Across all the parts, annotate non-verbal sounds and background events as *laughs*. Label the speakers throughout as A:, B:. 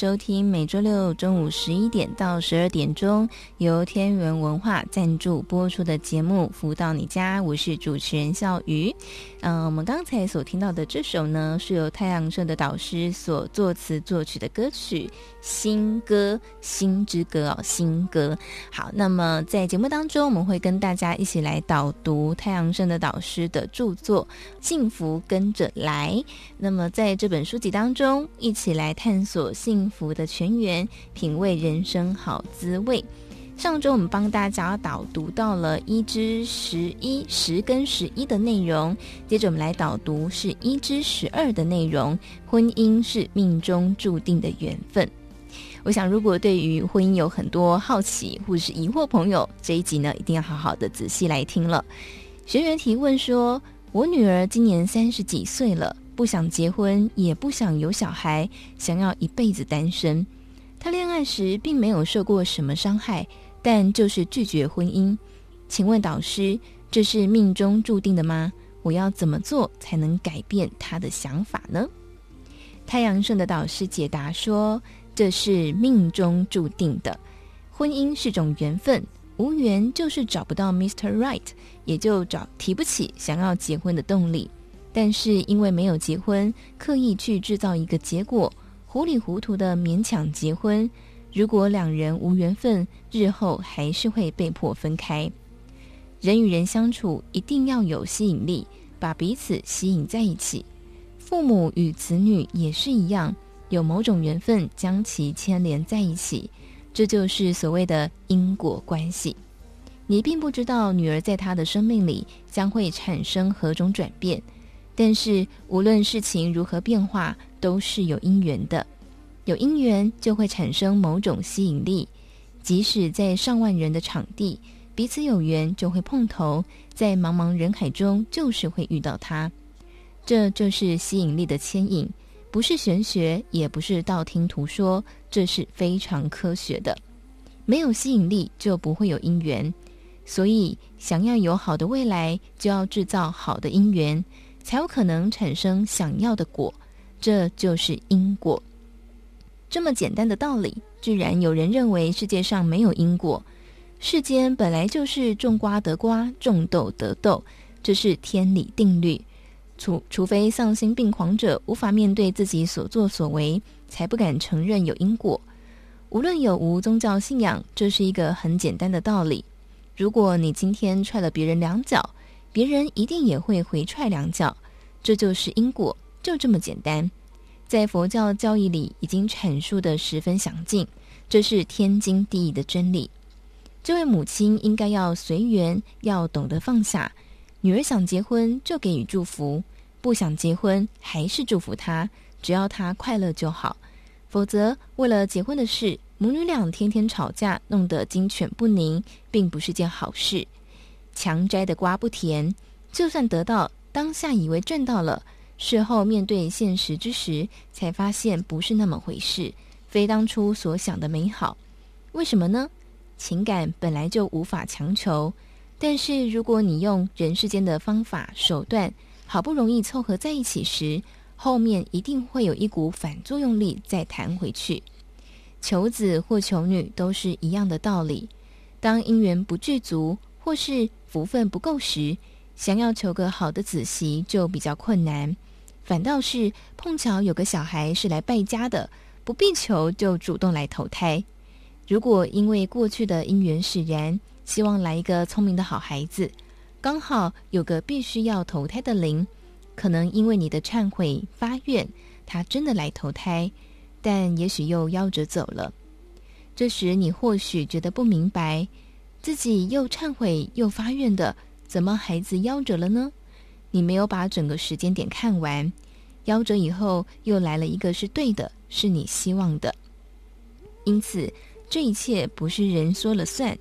A: 收聽每周六中午十一點到十二點鐘由天元文化贊助播出的節目《福到你家》，我是主持人笑魚。嗯、呃，我們剛才所聽到的這首呢，是由太陽盛德導師所作詞作曲的歌曲《新歌新之歌》哦，新歌。好，那麼在節目當中，我們會跟大家一起來導讀太陽盛德導師的著作《幸福跟着來》，那麼在這本書籍當中，一起來探索幸福的泉源，品味人生好滋味。上週我們幫大家導讀到了一至十一、十跟十一的內容，接着我們來導讀是一至十二的內容。婚姻是命中注定的緣分。我想，如果對於婚姻有很多好奇或是疑惑，朋友這一集呢，一定要好好的仔細來聽了。學員提問說：“我女兒今年三十幾歲了，不想結婚，也不想有小孩，想要一輩子單身。她戀愛時並沒有受過什麼傷害。”但就是拒絕婚姻，請問導師，這是命中注定的嗎？我要怎麼做才能改變他的想法呢？太陽盛德導師解答說：“這是命中注定的，婚姻是種緣分，無緣就是找不到 Mr. Right，也就找提不起想要結婚的動力。但是因為沒有結婚，刻意去制造一個結果，糊裡糊塗的勉強結婚。”如果兩人無緣分，日後還是會被迫分開。人與人相處一定要有吸引力，把彼此吸引在一起。父母與子女也是一樣，有某種緣分將其牽連在一起，這就是所謂的因果關係。你並不知道女兒在她的生命裡將會產生何種轉變，但是無論事情如何變化，都是有因緣的。有因緣就會產生某種吸引力，即使在上萬人的場地，彼此有緣就會碰頭，在茫茫人海中就是會遇到他，這就是吸引力的牽引，不是玄學，也不是道聽途說，這是非常科學的。沒有吸引力就不會有因緣，所以想要有好的未來，就要制造好的因緣，才有可能產生想要的果，這就是因果。這麼簡單的道理，居然有人認為世界上沒有因果。世間本來就是種瓜得瓜，種豆得豆，這是天理定律。除除非喪心病狂者無法面對自己所作所為，才不敢承認有因果。無論有無宗教信仰，這是一個很簡單的道理。如果你今天踹了別人兩腳，別人一定也會回踹兩腳，這就是因果，就這麼簡單。在佛教教義裡已經闡述得十分詳盡，這是天經地義的真理。這位母親應該要隨緣，要懂得放下。女兒想結婚就給予祝福，不想結婚還是祝福她，只要她快樂就好。否則，為了結婚的事，母女倆天天吵架，弄得雞犬不寧，並不是件好事。強摘的瓜不甜，就算得到，當下以為賺到了。事後面對現實之時，才發現不是那麼回事，非當初所想的美好。為什麼呢？情感本來就無法強求，但是如果你用人世間的方法手段，好不容易湊合在一起時，後面一定會有一股反作用力再彈回去。求子或求女都是一樣的道理，當姻緣不具足或是福分不夠時，想要求個好的子媳就比較困難。反倒是碰巧有個小孩是來敗家的，不必求就主動來投胎。如果因為過去的因緣使然，希望來一個聰明的好孩子，剛好有個必須要投胎的靈，可能因為你的懺悔發願，他真的來投胎，但也許又夭折走了。這時你或許覺得不明白，自己又懺悔又發願的，怎麼孩子夭折了呢？你沒有把整個時間點看完，夭折以後又來了一個是對的，是你希望的。因此，這一切不是人說了算，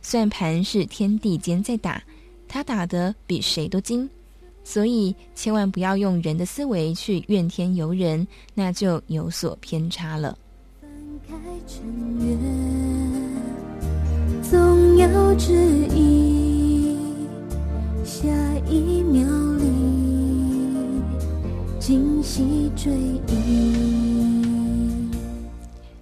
A: 算盤是天地間在打，他打得比誰都精。所以，千萬不要用人的思維去怨天尤人，那就有所偏差
B: 了。下一秒裡，驚喜追憶。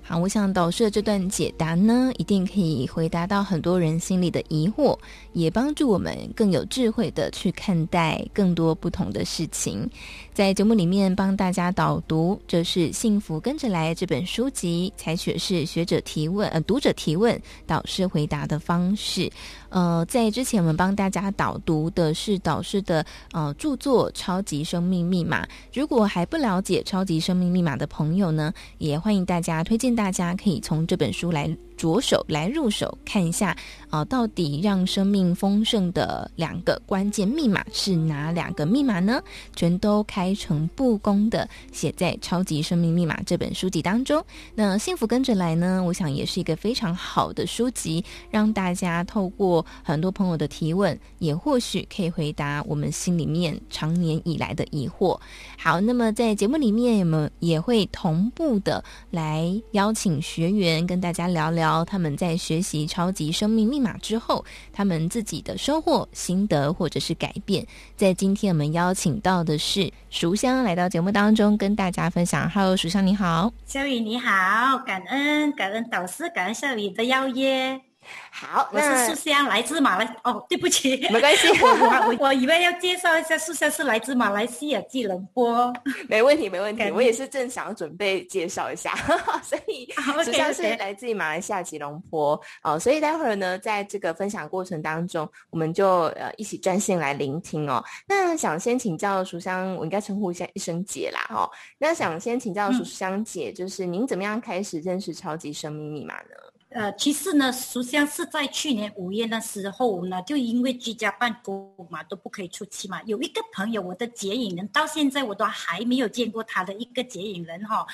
A: 好，我想導師的這段解答呢，一定可以回答到很多人心裡的疑惑，也幫助我們更有智慧地去看待更多不同的事情。在節目裡面幫大家導讀，這是《幸福跟着來》這本書籍，採取是學者提問，呃，讀者提問，導師回答的方式。呃，在之前我們幫大家導讀的是導師的呃著作《超級生命密碼》，如果還不了解《超級生命密碼》的朋友呢，也歡迎大家推薦大家可以從這本書來。着手來入手看一下啊，到底讓生命豐盛的兩個關鍵密碼是哪兩個密碼呢？全都開誠布公的寫在《超級生命密碼》這本書籍當中。那幸福跟着來呢？我想也是一個非常好的書籍，讓大家透過很多朋友的提問，也或許可以回答我們心裡面常年以來的疑惑。好，那麼在節目裡面，我們也會同步的來邀請學員跟大家聊聊。他們在學習《超級生命密碼》之後，他們自己的收穫、心得或者是改變。在今天我們邀請到的是淑香，來到節目當中跟大家分享。Hello, 淑香你好，
C: 小雨你好，感恩感恩導師，感恩小雨的邀約。好，我是書香，來自馬來。哦，對不起，沒關係。 *laughs* 我我以為要介紹一下書香是來自馬來西亞吉
A: 隆坡。沒問題，沒問題。我也是正想要準備介紹一下， *laughs* 所以書香、啊、是來自於馬來西亞吉隆坡、啊 okay, okay。哦，所以待會兒呢，在這個分享過程當中，我們就呃一起專線來聆聽哦。那想先請教書香，我應該稱呼一下一聲姐啦、哦，哈。那想先請教書香姐、嗯，就是您怎麼樣開始認
C: 識超級生命密碼呢？呃，其實呢，書香是在去年五月那時候呢，就因為居家辦公嘛，都不可以出去嘛。有一個朋友，我的接引人，到現在我都還沒有見過他的一個接引人哈、哦。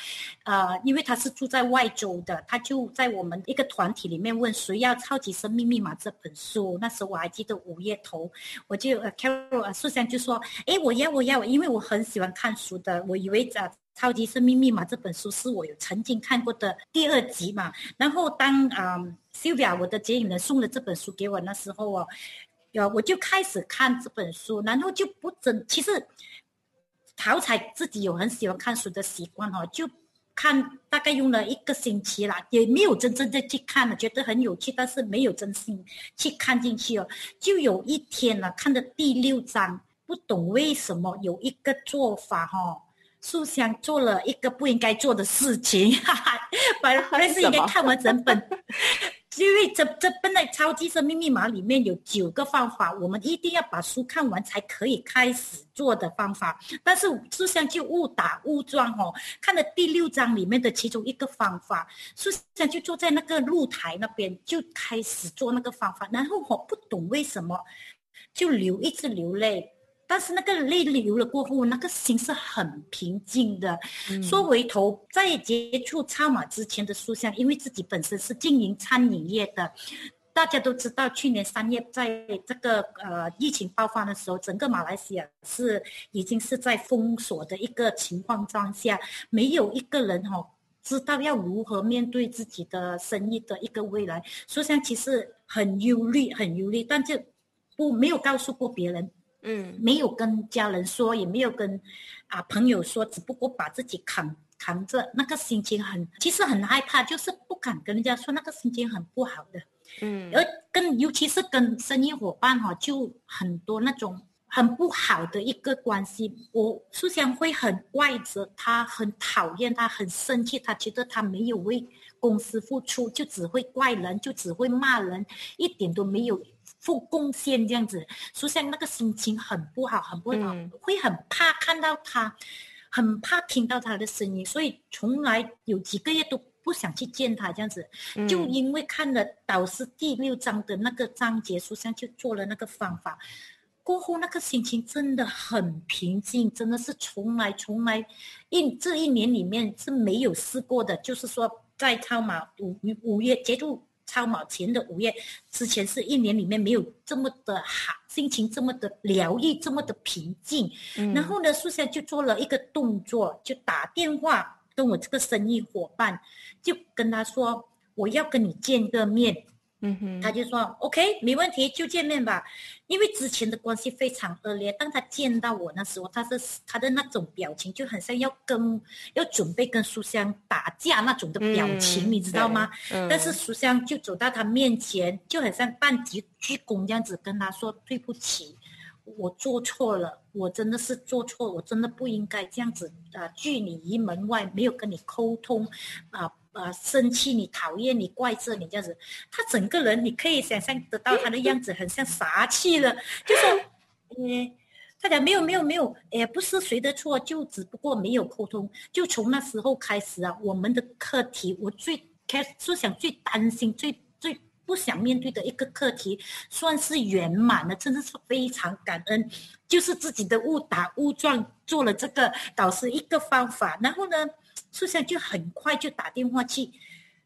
C: 呃，因為他是住在外州的，他就在我們一個團體裡面問誰要《超級生命密碼》這本書，那時候我還記得五月頭，我就呃，uh, Carol, 書香就說，誒，我要，我要我，因為我很喜歡看書的，我以為。Uh,《超級生命密碼》這本書是我有曾經看過的第二集嘛。然後當啊，um，Sylvia 我的接引人送了這本書給我那時候哦，我就開始看這本書，然後就不真其實陶彩自己有很喜歡看書的習慣哦，就看大概用了一個星期啦，也沒有真正的去看了，覺得很有趣，但是沒有真心去看進去哦。就有一天呢，看的第六章，不懂為什麼有一個做法哈、哦。書香做了一個不應該做的事情，哈哈，本來是應該看完整本， *laughs* 因為這這本來超級生命密碼裡面有九個方法，我們一定要把書看完才可以開始做的方法。但是書香就誤打誤撞哦，看了第六章裡面的其中一個方法，書香就坐在那個露台那邊就開始做那個方法，然後我、哦、不懂為什麼，就流一直流淚。但是那個淚流了過後，那個心是很平靜的。嗯、說回頭在接觸超馬之前的書香，因為自己本身是經營餐飲業的，大家都知道，去年三月在這個呃疫情爆發的時候，整個馬來西亞是已經是在封鎖的一個情況之下，沒有一個人哈、哦、知道要如何面對自己的生意的一個未來。書香其實很憂慮，很憂慮，但就不沒有告訴過別人。嗯，沒有跟家人說，也沒有跟啊朋友說，只不過把自己扛扛着。那個心情很，其實很害怕，就是不敢跟人家說。那個心情很不好的。嗯，而跟尤其是跟生意夥伴哈、啊，就很多那種很不好的一個關係。我首先會很怪責他，很討厭他，很生氣他，他覺得他沒有為公司付出，就只會怪人，就只會罵人，一點都沒有。付貢獻這樣子，書珊那個心情很不好，很不好、嗯，會很怕看到他，很怕聽到他的聲音，所以從來有幾個月都不想去見他這樣子，嗯、就因為看了導師第六章的那個章節，書珊就做了那個方法，過後那個心情真的很平靜，真的是從來從來因這一年裡面是沒有試過的，就是說在超馬五五月結束。超毛前的五月之前是一年裡面沒有這麼的好心情，這麼的療癒，這麼的平靜。嗯、然後呢，樹下就做了一個動作，就打電話跟我這個生意夥伴，就跟他說：“我要跟你見個面。”他就說、嗯、OK，沒問題，就見面吧。因為之前的關係非常惡劣，當他見到我那時候，他他的那種表情，就很像要跟要準備跟書香打架那種的表情，嗯、你知道嗎？但是書香就走到他面前，嗯、就很像半截鞠躬這樣子跟他說對不起，我做錯了，我真的是做錯了，我真的不應該這樣子啊拒你於門外，沒有跟你溝通啊。啊、呃！生氣你，你討厭你，你怪罪，你這樣子，他整個人，你可以想象得到他的樣子，很像殺氣了。就說，嗯、呃，他講沒有沒有沒有，哎、呃，不是誰的錯，就只不過沒有溝通。就從那時候開始啊，我們的課題，我最開始想最擔心、最最不想面對的一個課題，算是圓滿了，真的是非常感恩，就是自己的誤打誤撞做了這個導師一個方法，然後呢。樹上就很快就打電話去，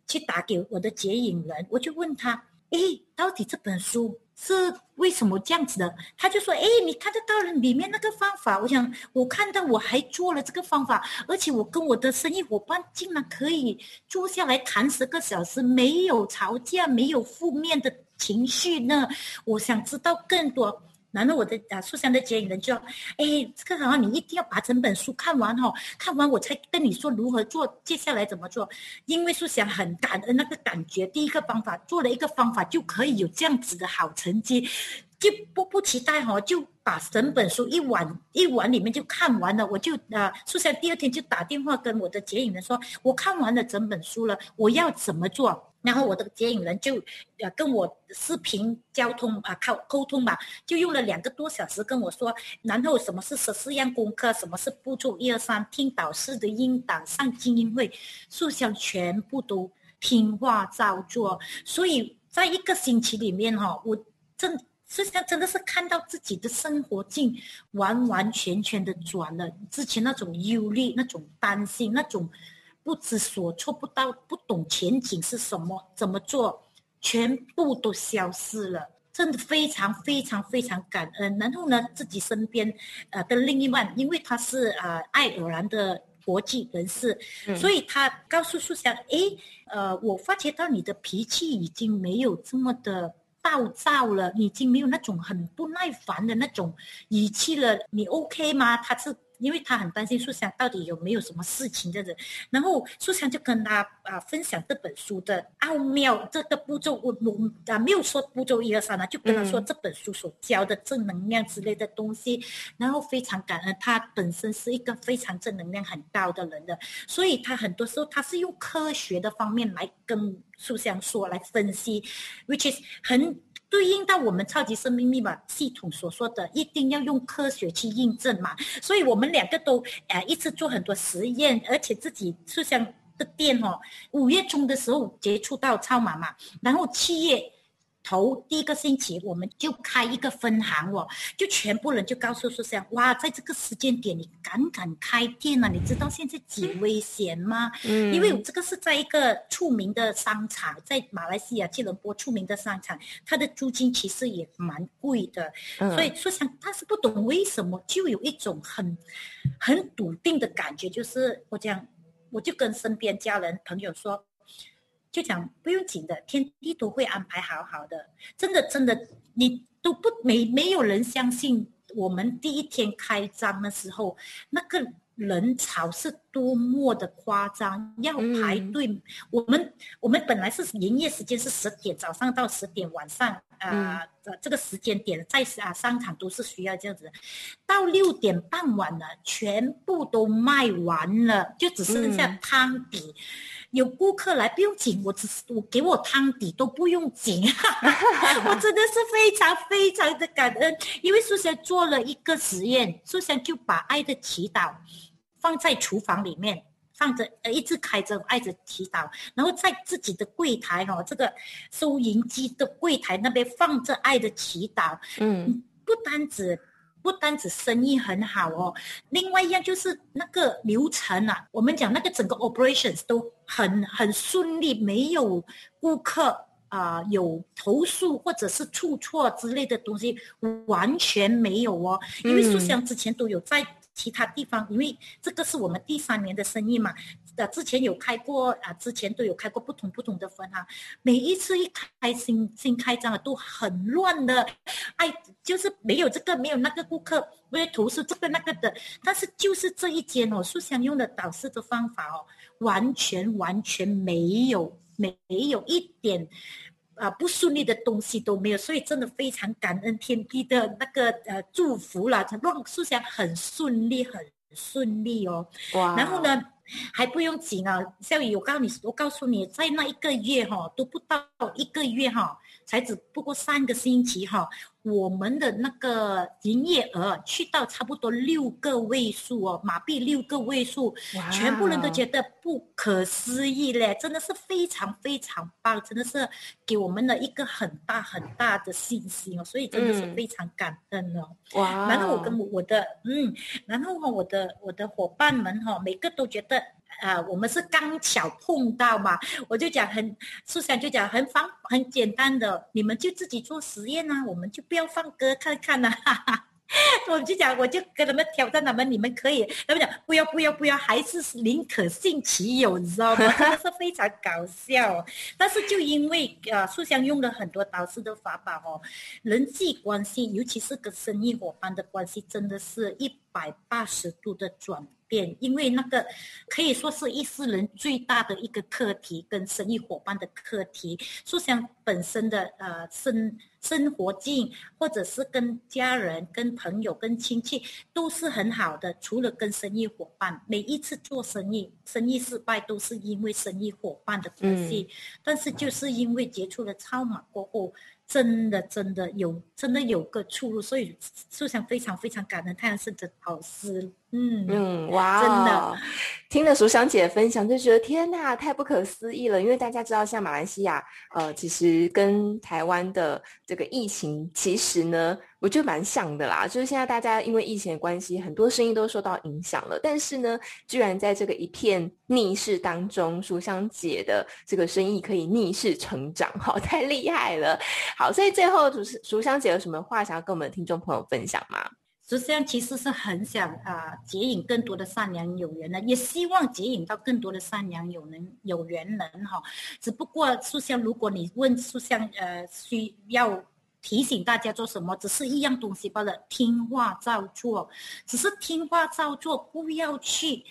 C: 去打給我的接引人，我就問他，哎，到底這本書是為什麼這樣子的？他就說，哎，你看得到了裡面那個方法。我想，我看到我還做了這個方法，而且我跟我的生意夥伴竟然可以坐下來談十個小時，沒有吵架，沒有負面的情緒呢。我想知道更多。然後我的啊素香的接引人就，哎，這個好像你一定要把整本書看完吼、哦、看完我才跟你說如何做，接下來怎麼做。因為素香很感恩那個感覺，第一個方法做了一個方法就可以有這樣子的好成績，就迫不及待哈、哦，就把整本書一晚一晚裡面就看完了。我就啊素香第二天就打電話跟我的接引人說，我看完了整本書了，我要怎麼做？然後我的接引人就，呃，跟我視頻交通啊，靠溝通吧，就用了兩個多小時跟我說，然後什麼是十四樣功課，什麼是步驟，一二三，聽導師的音檔上精英會，素像全部都聽話照做，所以在一個星期裡面哈，我真實際上真的是看到自己的生活境完完全全的轉了，之前那種憂慮、那種擔心、那種。不知所措，不到不懂前景是什麼，怎麼做，全部都消失了。真的非常非常非常感恩。然後呢，自己身邊，呃的另一半，因為他是呃愛爾蘭的國際人士，嗯、所以他告訴蘇珊，誒，呃，我發覺到你的脾氣已經沒有這麼的暴躁了，已經沒有那種很不耐煩的那種語氣了。你 OK 嗎？他是。因為他很擔心書香到底有沒有什麼事情的人，然後書香就跟他啊分享這本書的奧妙，這個步驟我我啊沒有說步驟一二三呢，就跟他說這本書所教的正能量之類的東西，嗯、然後非常感恩他本身是一個非常正能量很高的人的，所以他很多時候他是用科學的方面來跟書香說來分析，which is 很。對應到我們超級生命密碼系統所說的，一定要用科學去印證嘛。所以我們兩個都，呃，一直做很多實驗，而且自己是像個店哦。五月中的時候接觸到超媽嘛，然後七月。頭第一個星期，我們就開一個分行哦，我就全部人就告訴說：“想，哇，在這個時間點，你敢敢開店啊，你知道現在幾危險嗎？”嗯，因為我這個是在一個著名的商場，在馬來西亞吉隆坡著名的商場，它的租金其實也蠻貴的。嗯，所以說想，但是不懂為什麼，就有一種很很篤定的感覺，就是我這樣，我就跟身邊家人朋友說。就講不用緊的，天地都會安排好好的。真的，真的，你都不沒沒有人相信。我們第一天開張的時候，那個人潮是多麼的誇張，要排隊。嗯、我們我們本來是營業時間是十點早上到十點，晚上啊、呃嗯，這個時間點在啊商場都是需要這樣子的。到六點半晚了，全部都賣完了，就只剩下湯底。嗯有顧客來不用緊，我只是我給我湯底都不用緊、啊， *laughs* 我真的是非常非常的感恩。因為素珊做了一個實驗，素珊就把愛的祈禱放在廚房裡面，放着呃，一直開着愛的祈禱，然後在自己的櫃檯哈、哦，這個收銀機的櫃檯那邊放着愛的祈禱，嗯，不單只不單只生意很好哦，另外一樣就是那個流程啊，我們講那個整個 operations 都很很順利，沒有顧客啊、呃、有投訴或者是出錯之類的東西，完全沒有哦。因為素香之前都有在其他地方、嗯，因為這個是我們第三年的生意嘛，呃，之前有開過啊、呃，之前都有開過不同不同的分行、啊。每一次一開新新開張啊，都很亂的，哎，就是沒有這個沒有那個顧客會投訴這個那個的。但是就是這一間哦，素香用的導師的方法哦。完全完全沒有，沒有一點啊不順利的東西都沒有，所以真的非常感恩天地的那個呃祝福了，讓素想很順利，很順利哦。Wow. 然後呢，還不用緊啊，小雨，我告訴你，我告訴你，在那一個月哈、哦，都不到一個月哈、哦，才只不過三個星期哈、哦。我們的那個營業額去到差不多六個位數哦，馬幣六個位數，Wow. 全部人都覺得不可思議嘞，真的是非常非常棒，真的是給我們的一個很大很大的信心哦，所以真的是非常感恩哦。嗯、然後我跟我的、Wow. 嗯，然後我的我的夥伴們哈，每個都覺得。呃、uh，我們是剛巧碰到嘛，我就講很素香，就講很方很簡單的，你們就自己做實驗啊，我們就不要放歌看看哈，啊， *laughs* 我就講，我就跟他們挑戰他們，你們可以，他們講不要不要不要，還是寧可信其有，你知道嗎？真 *laughs* 的是非常搞笑。但是就因為呃、啊、素香用了很多導師的法寶哦，人際關係，尤其是跟生意夥伴的關係，真的是一百八十度的轉。因為那個可以說是一世人最大的一個課題，跟生意夥伴的課題。素香本身的呃生生活境，或者是跟家人、跟朋友、跟親戚都是很好的，除了跟生意夥伴，每一次做生意，生意失敗都是因為生意夥伴的關係，嗯。但是就是因為接觸了超馬過後，真的真的有真的有個出路，所以素香非常非常感恩太陽盛德導師。嗯嗯，哇、
A: 哦，真的！聽了淑香姐分享，就覺得天吶，太不可思議了。因為大家知道，像馬來西亞，呃，其實跟台灣的這個疫情，其實呢，我覺得蠻像的啦。就是現在大家因為疫情的關係，很多生意都受到影響了。但是呢，居然在這個一片逆勢當中，淑香姐的這個生意可以逆勢成長，好，太厲害了。好，所以最後熟，就是淑香姐有什麼話想要跟我們的聽眾朋友分享嗎？
C: 素香其實是很想啊接引更多的善良有緣人，也希望接引到更多的善良有能有緣人哈。只不過就香，如果你問就香，呃，需要提醒大家做什麼，只是一樣東西罷了，聽話照做，只是聽話照做，不要去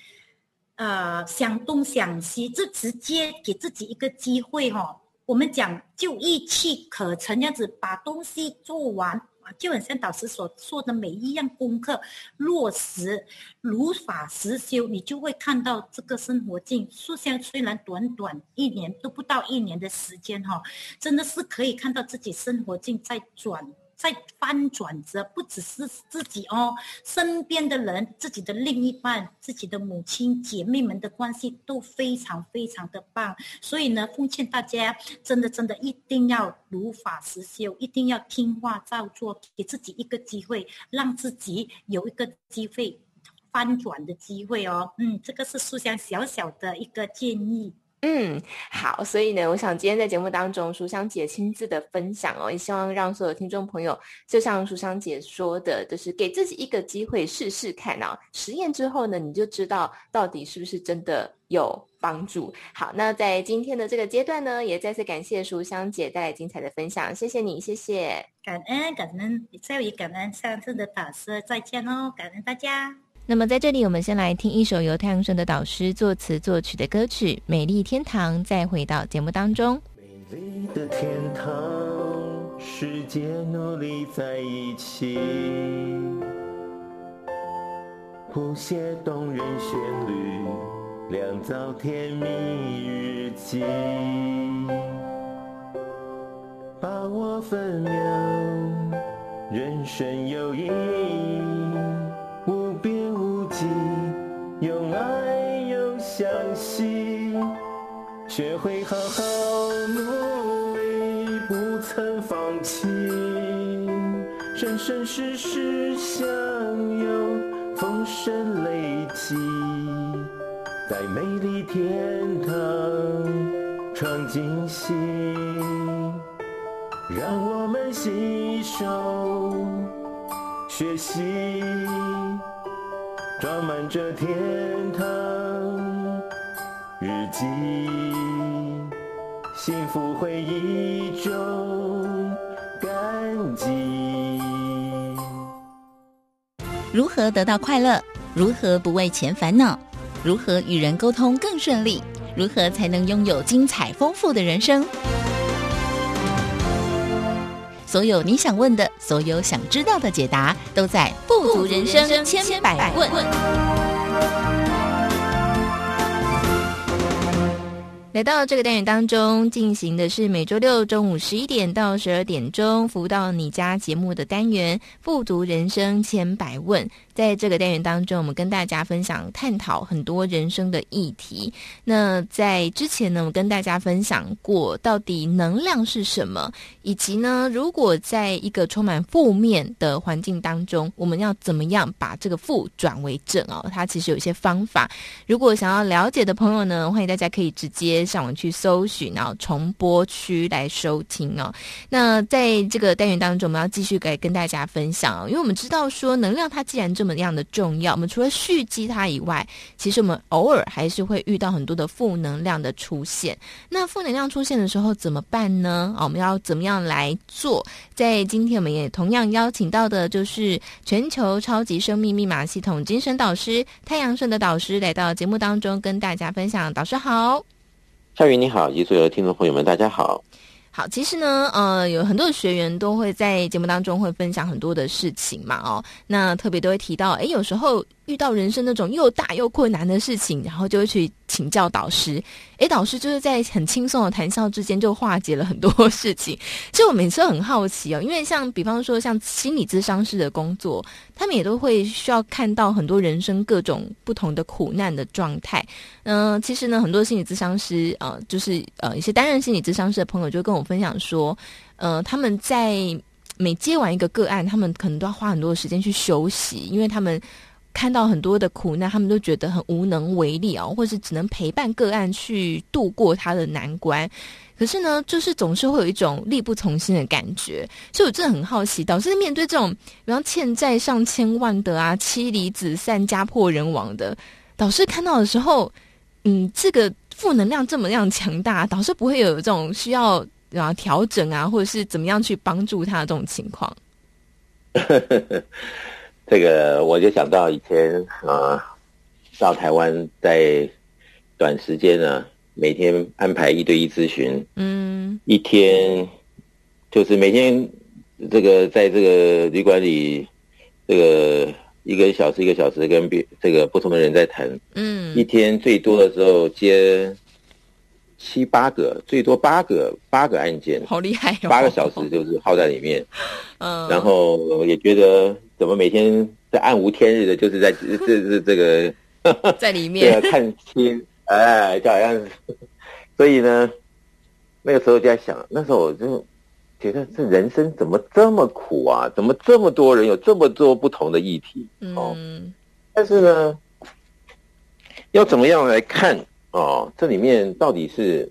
C: 呃想東想西，就直接給自己一個機會哈。我們講就一氣呵成，這樣子把東西做完。就很像導師所說的，每一樣功課落實如法實修，你就會看到這個生活境。雖像雖然短短一年都不到一年的時間哈，真的是可以看到自己生活境在轉。在翻轉着，不只是自己哦，身邊的人、自己的另一半、自己的母親、姐妹們的關係都非常非常的棒。所以呢，奉勸大家，真的真的一定要如法實修，一定要聽話照做，給自己一個機會，讓自己有一個機會翻轉的機會哦。嗯，這個是書香小小的一個建議。
A: 嗯，好，所以呢，我想今天在節目當中，書香姐親自的分享哦，也希望讓所有聽眾朋友，就像書香姐說的，就是給自己一個機會試試看哦。實驗之後呢，你就知道到底是不是真的有幫助。好，那在今天的這個階段呢，也再次感謝書香姐帶來精彩的分享，謝謝你，謝謝，
C: 感恩感恩，再一次感恩上次的導師，再見哦，感恩大家。
A: 那麼，在這裡，我們先來聽一首由太陽盛德導師作詞作曲的歌曲《美麗天堂》，再回到節目當中。
D: 美麗的天堂，世界努力在一起，譜寫動人旋律，釀造甜蜜日記，把握分秒，人生有意義。又愛又相信，學會好好努力，不曾放棄。生生世世相擁，豐盛累積，在美麗天堂創驚喜。讓我們攜手學習。裝滿着天堂日記，幸福回憶中感激。
A: 如何得到快樂？如何不為錢煩惱？如何與人溝通更順利？如何才能擁有精彩豐富的人生？所有你想問的，所有想知道的解答，都在《富足人生千百,百問》百百問。來到這個單元當中，進行的是每週六中午十一點到十二點鐘，服務到你家節目的單元《富足人生千百問》。在這個單元當中，我們跟大家分享、探討很多人生的議題。那在之前呢，我跟大家分享過，到底能量是什麼，以及呢，如果在一個充滿負面的環境當中，我們要怎麼樣把這個負轉為正哦，它其實有一些方法。如果想要了解的朋友呢，歡迎大家可以直接上網去搜尋，然後重播區來收聽哦。那在這個單元當中，我們要繼續給跟大家分享哦，因為我們知道說，能量它既然這麼。什麼樣的重要？我們除了蓄積它以外，其實我們偶爾還是會遇到很多的負能量的出現。那負能量出現的時候怎麼辦呢？哦，我們要怎麼樣來做？在今天，我們也同樣邀請到的就是全球超級生命密碼系統精神導師太陽盛德導師來到節目當中，跟大家分享。導師好，
E: 夏雲你好，以及所有的聽眾朋友們，大家好。
A: 好，其實呢，呃，有很多的學員都會在節目當中會分享很多的事情嘛，哦，那特別都會提到，誒，有時候。遇到人生那種又大又困難的事情，然後就會去請教導師。哎，導師就是在很輕鬆的談笑之間就化解了很多事情。其實我每次很好奇哦，因為像比方說像心理諮商師的工作，他們也都會需要看到很多人生各種不同的苦難的狀態。嗯、呃，其實呢，很多心理諮商師啊、呃，就是呃一些擔任心理諮商師的朋友就跟我分享說，呃，他們在每接完一個個案，他們可能都要花很多的時間去休息，因為他們。看到很多的苦難，他們都覺得很無能為力哦，或是只能陪伴個案去度過他的難關。可是呢，就是總是會有一種力不從心的感覺。所以我真的很好奇，導師面對這種，比方欠債上千萬的啊，妻離子散、家破人亡的導師看到的時候，嗯，這個負能量這麼樣強大，導師不會有這種需要啊調整啊，或者是怎麼樣去幫助他的這種情況。 *laughs*
E: 這個我就想到以前啊，到台灣在短時間呢，每天安排一對一諮詢，嗯，一天就是每天這個在這個旅館裡，這個一個小時一個小時跟別這個不同的人在談，嗯，一天最多的時候接七八個，最多八個八個案件，好厲害喲，八個小時就是耗在裡面，嗯，然後我也覺得。怎麼每天在暗無天日的，就是在這這這個在裡面、 *laughs* 對啊、看清哎，就好像，所以呢，那個時候就在想，那時候我就覺得這人生怎麼這麼苦啊？怎麼這麼多人有這麼多不同的議題？嗯、
F: 哦，但是呢，
E: 要怎麼樣來看啊、哦？這裡面到底是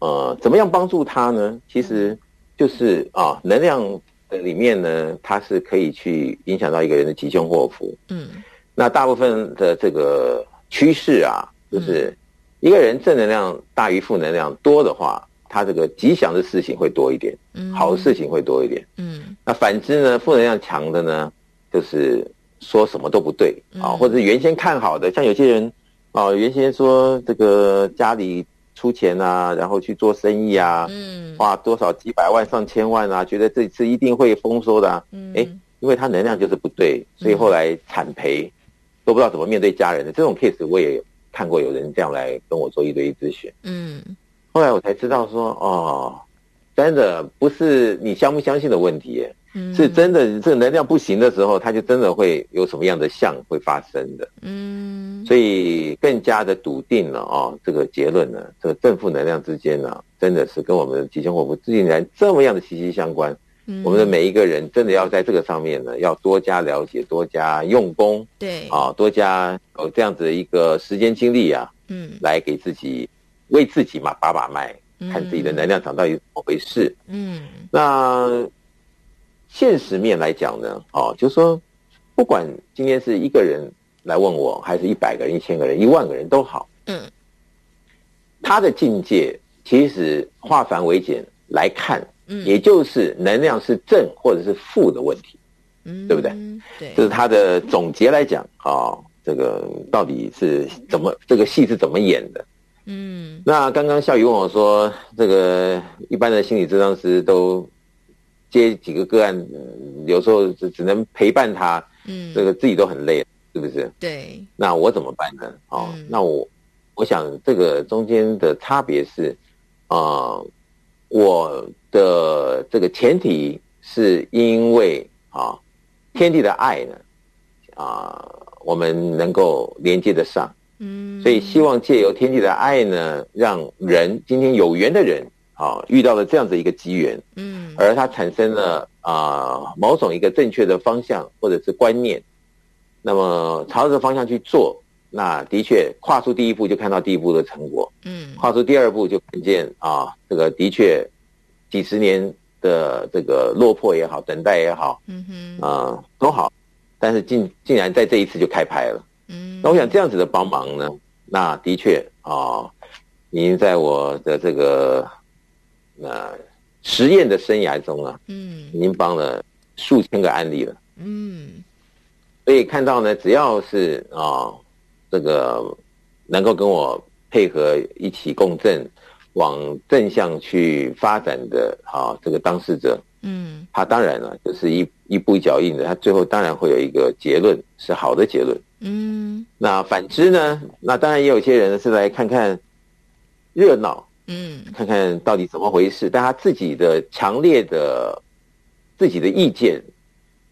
E: 呃，怎麼樣幫助他呢？其實就是啊、哦，能量。裡面呢，它是可以去影響到一個人的吉凶禍福。嗯，那大部分的這個趨勢啊，就是一個人正能量大於負能量多的話，他這個吉祥的事情會多一點，嗯，好的事情會多一點，嗯。那反之呢，負能量強的呢，就是說什麼都不對啊、呃，或者是原先看好的，像有些人啊、呃，原先說這個家裡。出錢啊，然後去做生意啊，花多少幾百萬上千萬啊，覺得這次一定會豐收的，啊。哎，欸，因為他能量就是不對，所以後來慘賠，都不知道怎麼面對家人的，的這種 case 我也看過，有人這樣來跟我做一對一諮詢。嗯，後來我才知道說，哦，真的不是你相不相信的問題。是真的，這個、能量不行的時候，他就真的會有什麼樣的像會發生的。嗯，所以更加的篤定了啊、哦，這個結論呢，這個正負能量之間呢、啊，真的是跟我們吉凶禍福之間這麼樣的息息相關。嗯，我們的每一個人真的要在這個上面呢，要多加了解，多加用功。對啊，多加有這樣子的一個時間精力啊，嗯，來給自己為自己嘛把把脈、嗯，看自己的能量場到底怎麼回事。嗯，那。現實面來講呢，啊、哦、就是說，不管今天是一個人來問我，還是一百個人、一千個人、一萬個人都好，嗯，他的境界其實化繁為簡來看，嗯，也就是能量是正或者是負的問題，嗯，對不對？嗯，對、這、就是他的總結來講啊、哦，這個到底是怎麼這個戲是怎麼演的？嗯，那剛剛笑語問我說，這個一般的心理治療師都。接幾個個案，有時候只只能陪伴他，嗯，這個自己都很累，嗯，是不是？對。那我怎麼辦呢？哦，嗯，那我，我想這個中間的差別是，啊，呃，我的這個前提是，因為啊，呃，天地的愛呢，啊，呃，我們能夠連接得上，嗯，所以希望借由天地的愛呢，讓人今天有緣的人。好，遇到了這樣子一個機緣，嗯，而他產生了啊、呃、某種一個正確的方向或者是觀念，那麼朝着方向去做，那的確跨出第一步就看到第一步的成果，嗯，跨出第二步就看見啊這個的確幾十年的這個落魄也好，等待也好，嗯、呃、哼，啊都好，但是竟竟然在這一次就開拍了，嗯，那我想這樣子的幫忙呢，那的確啊，已經在我的這個。那實驗的生涯中啊，嗯，您幫了數千個案例了，嗯，所以看到呢，只要是啊、哦、這個能夠跟我配合一起共振往正向去發展的啊、哦，這個當事者，嗯，他當然了，就是一一步一腳印的，他最後當然會有一個結論是好的結論，嗯，那反之呢，那當然也有些人是來看看熱鬧。嗯，看看到底怎麼回事？但他自己的強烈的自己的意見，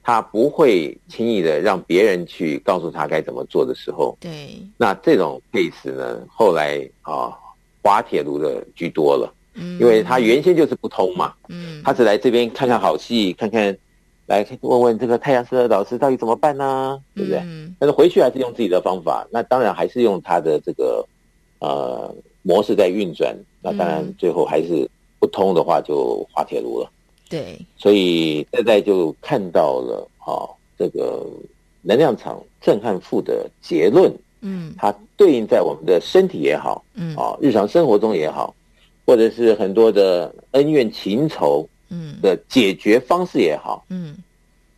E: 他不會輕易的讓別人去告訴他該怎麼做的時候，對，那這種 case 呢，後來啊、呃，滑鐵盧的居多了，嗯，因為他原先就是不通嘛，嗯，他只來這邊看看好戲，看看、嗯、來問問這個太陽盛德老師到底怎麼辦呢？對不對、嗯？但是回去還是用自己的方法，那當然還是用他的這個呃。模式在運轉，那當然最後還是不通的話就滑鐵盧了、嗯。對，所以現在就看到了啊、哦，這個能量場震撼負的結論，嗯，它對應在我們的身體也好，
F: 嗯，啊，日
E: 常生活中也好、嗯，或者是很多的恩怨情仇，嗯，的解決方式也好，嗯，嗯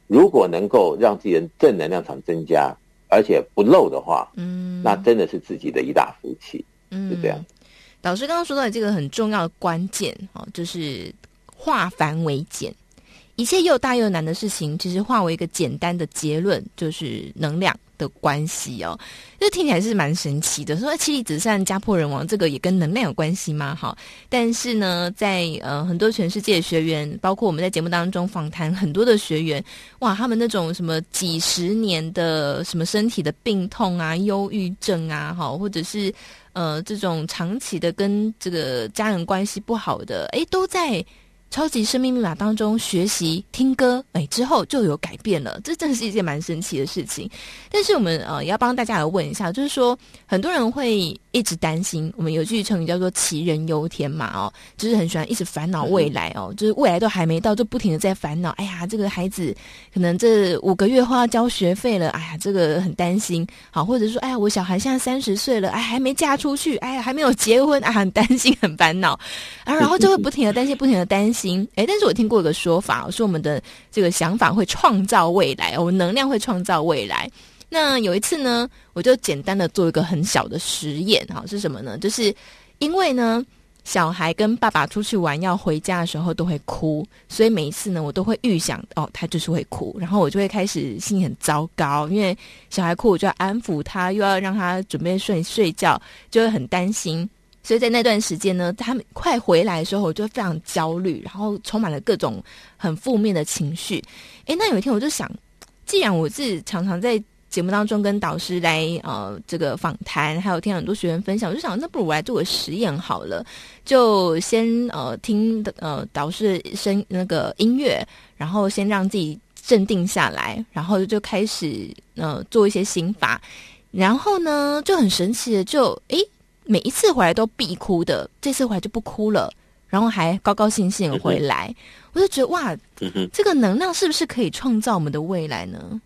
E: 如果能夠讓自己的正能量場增加，而且不漏的話，嗯，那真的是自己的一大福氣，嗯，是這樣。
A: 老師剛剛說到的這個很重要的關鍵哦，就是化繁為簡，一切又大又難的事情，其實化為一個簡單的結論，就是能量的關係哦。這聽起來是蠻神奇的，說妻離子散、家破人亡，這個也跟能量有關係嗎？哈，但是呢，在呃很多全世界的學員，包括我們在節目當中訪談很多的學員，哇，他們那種什麼幾十年的什麼身體的病痛啊、憂鬱症啊，哈，或者是。呃，這種長期的跟這個家人關係不好的，哎，都在超級生命密碼當中學習聽歌，哎，之後就有改變了，這真是一件蠻神奇的事情。但是我們呃，也要幫大家來問一下，就是說很多人會。一直擔心，我們有句成語叫做“杞人憂天”嘛，哦，就是很喜歡一直煩惱未來哦，就是未來都還沒到，就不停的在煩惱。哎呀，這個孩子可能這五個月快要交學費了，哎呀，這個很擔心。好，或者說，哎呀，我小孩現在三十歲了，哎，還沒嫁出去，哎呀，還沒有結婚，啊、哎，很擔心，很煩惱。啊，然後就會不停的擔心，不停的擔心。哎，但是我聽過一個說法、哦，說我們的這個想法會創造未來，我們、哦、能量會創造未來。那有一次呢，我就簡單的做一個很小的實驗，哈，是什麼呢？就是因為呢，小孩跟爸爸出去玩要回家的時候都會哭，所以每一次呢，我都會預想，哦，他就是會哭，然後我就會開始心裡很糟糕，因為小孩哭，我就要安撫他，又要讓他準備睡睡覺，就會很擔心。所以在那段時間呢，他們快回來的時候，我就非常焦慮，然後充滿了各種很負面的情緒。哎，那有一天我就想，既然我自己常常在。節目當中跟導師來呃這個訪談，還有聽很多學員分享，我就想，那不如我來做個實驗好了，就先呃聽的呃導師的聲，那個音樂，然後先讓自己鎮定下來，然後就開始呃做一些心法，然後呢就很神奇的就哎，每一次回來都必哭的，這次回來就不哭了，然後還高高興興回來，我就覺得哇、嗯，這個能量是不是可以創造我們的未來呢？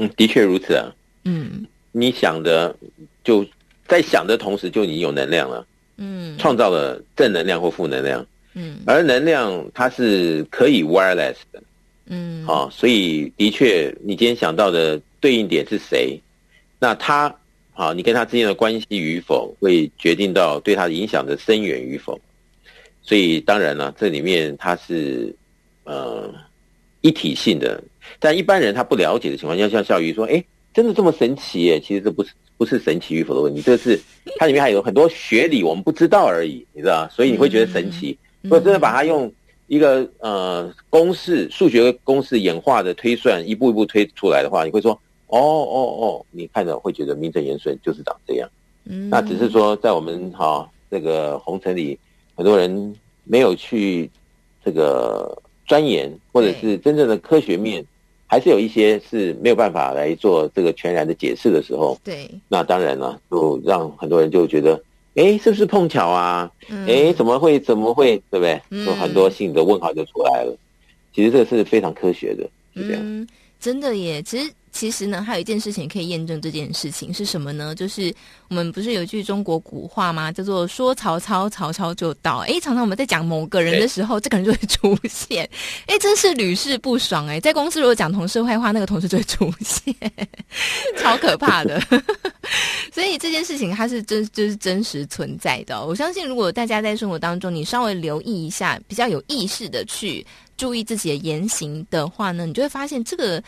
E: 嗯，的確如此啊。嗯，你想的，就在想的同時，就你有能量了。嗯，創造了正能量或負能量。嗯，而能量它是可以 wireless 的。嗯，啊，所以的確，你今天想到的對應點是誰？那他啊，你跟他之間的關係與否，會決定到對他影響的深遠與否。所以當然了，這裡面它是呃一體性的。但一般人他不了解的情況下，像小魚說：“哎、欸，真的這麼神奇、欸？耶，其實這不是不是神奇與否的問題，這是它裡面還有很多學理我們不知道而已，你知道，所以你會覺得神奇、嗯。如果真的把它用一個呃公式、數學公式演化的推算，一步一步推出來的話，你會說：‘哦哦哦’，你看着會覺得名正言順，就是長這樣。嗯、那只是說在我們哈、哦、這個紅塵裡，很多人沒有去這個鑽研，或者是真正的科學面。”還是有一些是沒有辦法來做這個全然的解釋的時候，對，那當然了，就讓很多人就覺得，哎，是不是碰巧啊？哎、嗯，怎麼會怎麼會，對不對？有、嗯、很多新的問號就出來了。其實這是非常科學的，
F: 是
A: 這樣、嗯，真的也值。其實呢，還有一件事情可以驗證這件事情是什麼呢？就是我們不是有一句中國古話嗎？叫做“說曹操，曹操就到”。哎，常常我們在講某個人的時候，欸、這個人就會出現。哎，真是屢試不爽、欸！哎，在公司如果講同事壞話，那個同事就會出現， *laughs* 超可怕的。 *laughs* 所以這件事情它是真，就是真實存在的、哦。我相信，如果大家在生活當中你稍微留意一下，比較有意識的去注意自己的言行的話呢，你就會發現這個。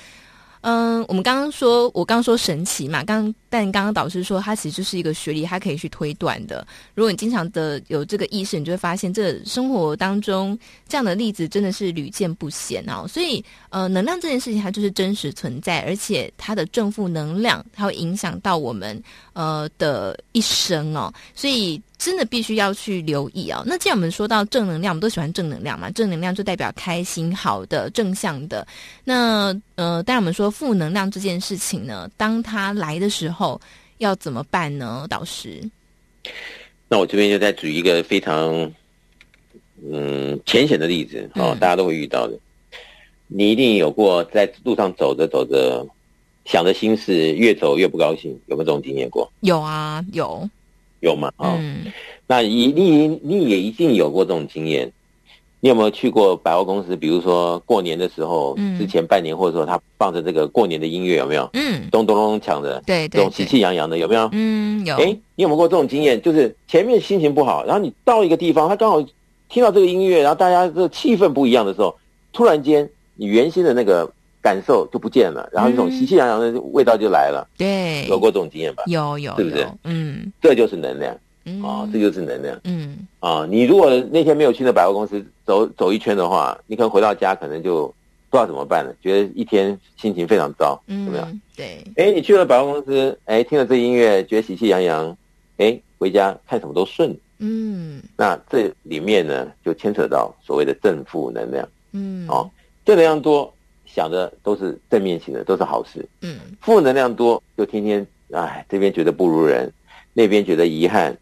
A: 嗯，我們剛剛說，我剛剛說神奇嘛，剛但剛剛導師說，它其實是一個學歷，它可以去推斷的。如果你經常的有這個意識，你就會發現，這生活當中這樣的例子真的是屢見不鮮哦。所以，呃，能量這件事情它就是真實存在，而且它的正負能量，它會影響到我們呃的一生哦。所以。真的必須要去留意哦。那既然我們說到正能量，我們都喜歡正能量嘛？正能量就代表開心、好的、正向的。那呃，但我們說負能量這件事情呢，當他來的時候，要怎麼辦呢？導師？
E: 那我這邊就再舉一個非常嗯淺顯的例子啊、哦嗯，大家都會遇到的。你一定有過在路上走着走着，想着心事，越走越不高興，有沒有這種經驗過？
A: 有啊，有。
E: 有嗎？啊、哦嗯，那你你你也一定有過這種經驗。你有沒有去過百貨公司？比如說過年的時候，嗯、之前半年或者說他放着這個過年的音樂，有沒有？嗯，咚咚咚咚，搶着，對，這種喜氣洋洋的，有沒有？嗯，有。誒、欸、你有沒有過這種經驗？就是前面心情不好，然後你到一個地方，他剛好聽到這個音樂，然後大家的氣氛不一樣的時候，突然間你原先的那個。感受就不見了，嗯、然後一種喜氣洋洋的味道就來了。對，有過這種經驗吧？有，有有，是不是？嗯，這就是能量。啊、嗯哦，這就是能量。嗯啊、哦，你如果那天沒有去那百貨公司走走一圈的話，你可能回到家可能就不知道怎麼辦了，覺得一天心情非常糟，嗯、怎麼樣？對。哎，你去了百貨公司，哎，聽了這音樂，覺得喜氣洋洋。哎，回家看什麼都順。嗯，那這裡面呢，就牽扯到所謂的正負能量。嗯，啊、哦，正能量多。想的都是正面型的，都是好事。嗯，負能量多就天天哎，這邊覺得不如人，那邊覺得遺憾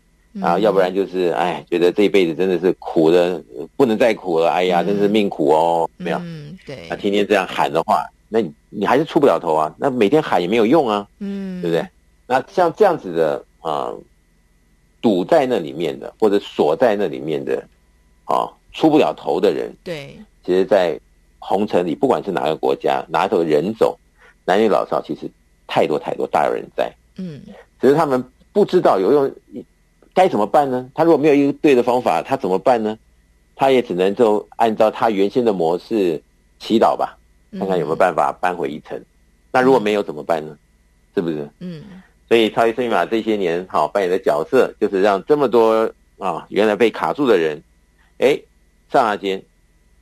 E: 啊、嗯，要不然就是哎，覺得這一輩子真的是苦的不能再苦了。哎呀，真是命苦哦。嗯、沒有，嗯、
F: 對，
E: 他、啊、天天這樣喊的話，那你你還是出不了頭啊。那每天喊也沒有用啊。嗯，對不對？那像這樣子的啊、呃，堵在那裡面的或者鎖在那裡面的啊，出不了頭的人，
F: 對，
E: 其實，在。紅塵裡，不管是哪個國家，哪一種人種，男女老少，其實太多太多，大有人在。嗯，只是他們不知道有用，該怎麼辦呢？他如果沒有一個對的方法，他怎麼辦呢？他也只能就按照他原先的模式祈禱吧，
F: 看看有沒
E: 有辦法扳回一城，嗯。那如果沒有怎麼辦呢？嗯、是不是？嗯。所以超生命密碼這些年好、哦、扮演的角色，就是讓這麼多啊、哦、原來被卡住的人，哎、欸，剎那間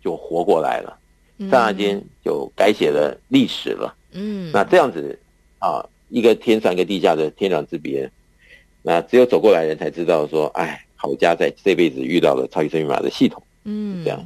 E: 就活過來了。剎那間就改寫了歷史了。嗯，那這樣子啊，一個天上一個地下的天壤之別。那只有走過來的人才知道說，說哎，好家在這輩子遇到了超級生命密碼的系統。
A: 嗯，這樣。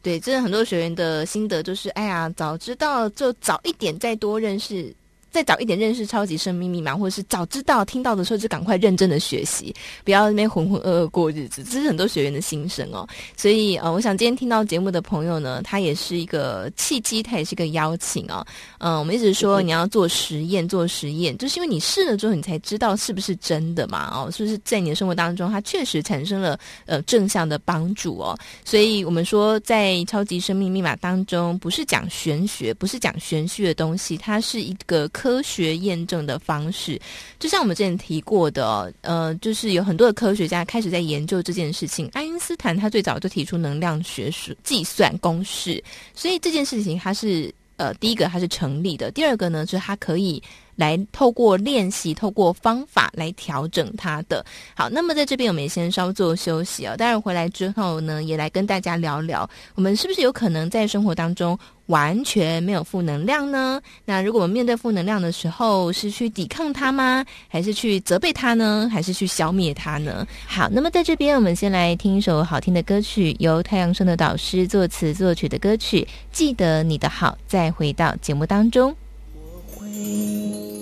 A: 對，真的很多學員的心得，就是哎呀，早知道就早一點再多認識。再早一點認識超級生命密碼，或者是早知道聽到的時候就趕快認真的學習，不要那邊渾渾噩噩過日子，就是，這是很多學員的心聲哦。所以呃，我想今天聽到節目的朋友呢，他也是一個契機，他也是一個邀請哦。嗯、呃，我們一直說你要做實驗，做實驗，就是因為你試了之後，你才知道是不是真的嘛。哦，是不是在你的生活當中，它確實產生了呃正向的幫助哦。所以我們說，在超級生命密碼當中，不是講玄學，不是講玄虛的東西，它是一個。科學驗證的方式，就像我們之前提過的，哦，呃，就是有很多的科學家開始在研究這件事情。愛因斯坦他最早就提出能量學術計算公式，所以這件事情它是呃第一個它是成立的，第二個呢就是它可以。來，透過練習，透過方法來調整它的好。那麼，在這邊，我們也先稍作休息啊、哦。待會回來之後呢，也來跟大家聊聊，我們是不是有可能在生活當中完全沒有負能量呢？那如果我們面對負能量的時候，是去抵抗它嗎？還是去責備它呢？還是去消滅它呢？好，那麼在這邊，我們先來聽一首好聽的歌曲，由太陽盛德導師作詞作曲的歌曲《記得你的好》，再回到節目當
D: 中。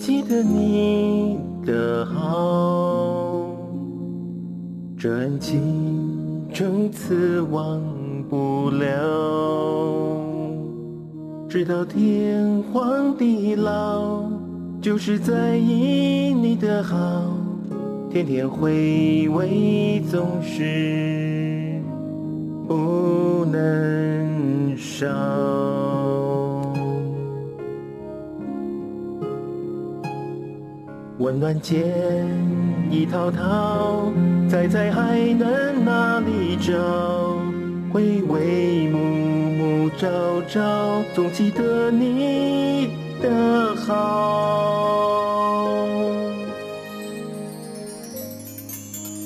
D: 記得你的好，這恩情從此忘不了，直到天荒地老，就是在意你的好，天天回味總是不能少。溫暖間，一滔滔，再在海南哪裡找？回味暮暮朝朝，總記得你的好。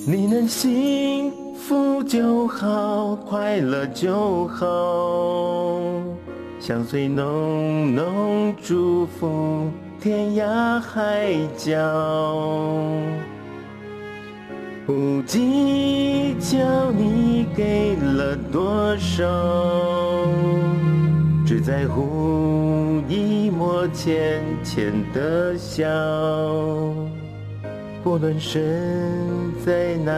D: 你能幸福就好，快樂就好，相隨濃濃祝福。天涯海角，不計較你給了多少，只在乎你我淺淺的笑。無論身在哪